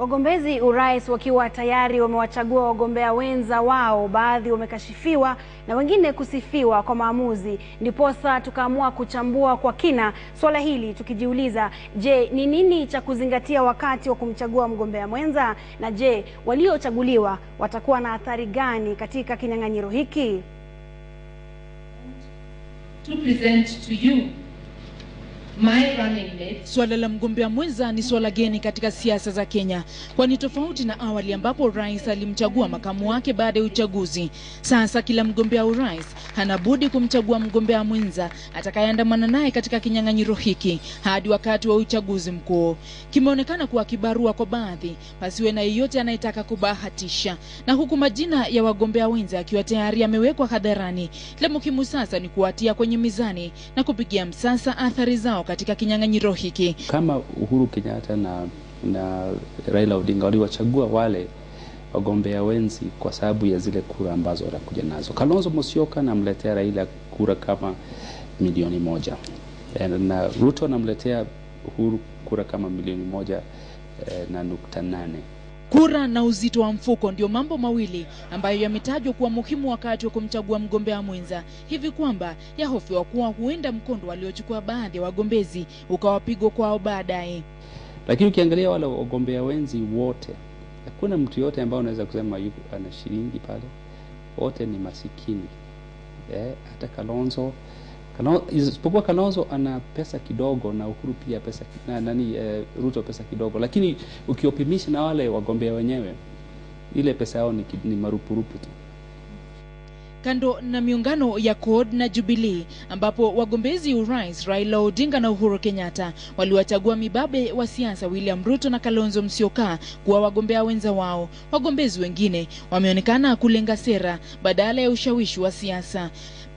Wagombezi urais wakiwa tayari wamewachagua wagombea wenza wao, baadhi wamekashifiwa na wengine kusifiwa kwa maamuzi. Ndiposa tukaamua kuchambua kwa kina suala hili tukijiuliza, je, ni nini cha kuzingatia wakati wa kumchagua mgombea mwenza? Na je, waliochaguliwa watakuwa na athari gani katika kinyang'anyiro hiki? To present to you Swala la mgombea mwenza ni swala geni katika siasa za Kenya, kwani tofauti na awali ambapo rais alimchagua makamu wake baada ya uchaguzi, sasa kila mgombea urais hana budi kumchagua mgombea mwenza atakayeandamana naye katika kinyang'anyiro hiki hadi wakati wa uchaguzi mkuu. Kimeonekana kuwa kibarua kwa baadhi, pasiwe na yeyote anayetaka kubahatisha, na huku majina ya wagombea wenza akiwa tayari yamewekwa hadharani, la muhimu sasa ni kuwatia kwenye mizani na kupigia msasa athari zao katika kinyang'anyiro hiki. Kama Uhuru Kenyatta na, na Raila Odinga waliwachagua wale wagombea wenzi kwa sababu ya zile kura ambazo wanakuja nazo. Kalonzo Musyoka namletea Raila kura kama milioni moja eh, na Ruto namletea Uhuru kura kama milioni moja eh, na nukta nane. Kura na uzito wa mfuko ndio mambo mawili ambayo yametajwa kuwa muhimu wakati wa kumchagua mgombea mwenza, hivi kwamba yahofiwa kuwa huenda mkondo waliochukua baadhi ya wagombezi ukawapigwa kwao baadaye. Lakini ukiangalia wale wagombea wenzi wote, hakuna mtu yote ambaye unaweza kusema yuko ana shilingi pale, wote ni masikini eh, hata Kalonzo isipokuwa Kalonzo ana pesa kidogo na Uhuru pia pesa na, nani e, Ruto pesa kidogo, lakini ukiopimisha na wale wagombea wenyewe ile pesa yao ni, ni marupurupu tu. Kando na miungano ya CORD na Jubilee ambapo wagombezi urais Raila Odinga na Uhuru Kenyatta waliwachagua mibabe wa siasa William Ruto na Kalonzo Musyoka kuwa wagombea wenza wao, wagombezi wengine wameonekana kulenga sera badala ya ushawishi wa siasa.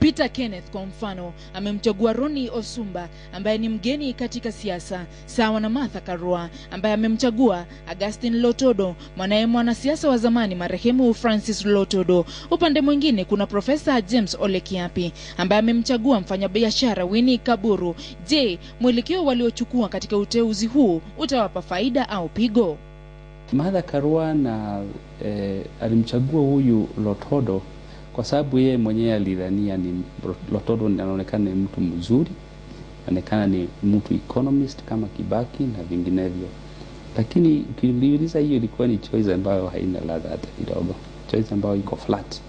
Peter Kenneth kwa mfano amemchagua Roni Osumba ambaye ni mgeni katika siasa, sawa na Martha Karua ambaye amemchagua Augustin Lotodo mwanaye mwanasiasa wa zamani marehemu Francis Lotodo. Upande mwingine kuna Profesa James Ole Kiapi ambaye amemchagua mfanyabiashara Winnie Kaburu. Je, mwelekeo waliochukua katika uteuzi huu utawapa faida au pigo? Martha Karua na eh, alimchagua huyu Lotodo kwa sababu yeye mwenyewe alidhania ni Lotodo anaonekana ni mtu mzuri, anaonekana ni mtu economist kama Kibaki na vinginevyo, lakini ukiliuliza, hiyo ilikuwa ni choice ambayo haina ladha hata kidogo, choice ambayo iko flat.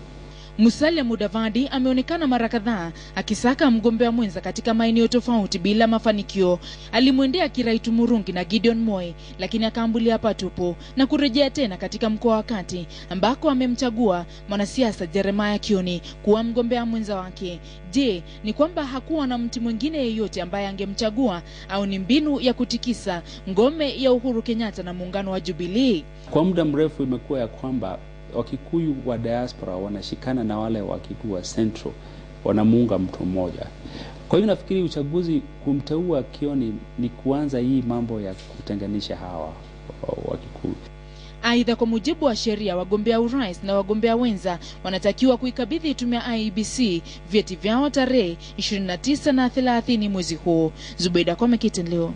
Musalia Mudavadi ameonekana mara kadhaa akisaka mgombea mwenza katika maeneo tofauti bila mafanikio. Alimwendea Kiraitu Murungi na Gideon Moi, lakini akaambulia patupu na kurejea tena katika mkoa wa Kati ambako amemchagua mwanasiasa Jeremiah Kioni kuwa mgombea mwenza wake. Je, ni kwamba hakuwa na mtu mwingine yeyote ambaye angemchagua au ni mbinu ya kutikisa ngome ya Uhuru Kenyatta na muungano wa Jubilee? Kwa muda mrefu imekuwa ya kwamba Wakikuyu wa diaspora wanashikana na wale Wakikuyu wa Central, wanamuunga mtu mmoja. Kwa hiyo nafikiri uchaguzi kumteua Kioni ni kuanza hii mambo ya kutenganisha hawa Wakikuyu. Aidha, kwa mujibu wa sheria, wagombea urais na wagombea wenza wanatakiwa kuikabidhi tume ya IEBC vyeti vyao tarehe 29 na 30 mwezi huu. Zubeda Kwame, KTN Leo.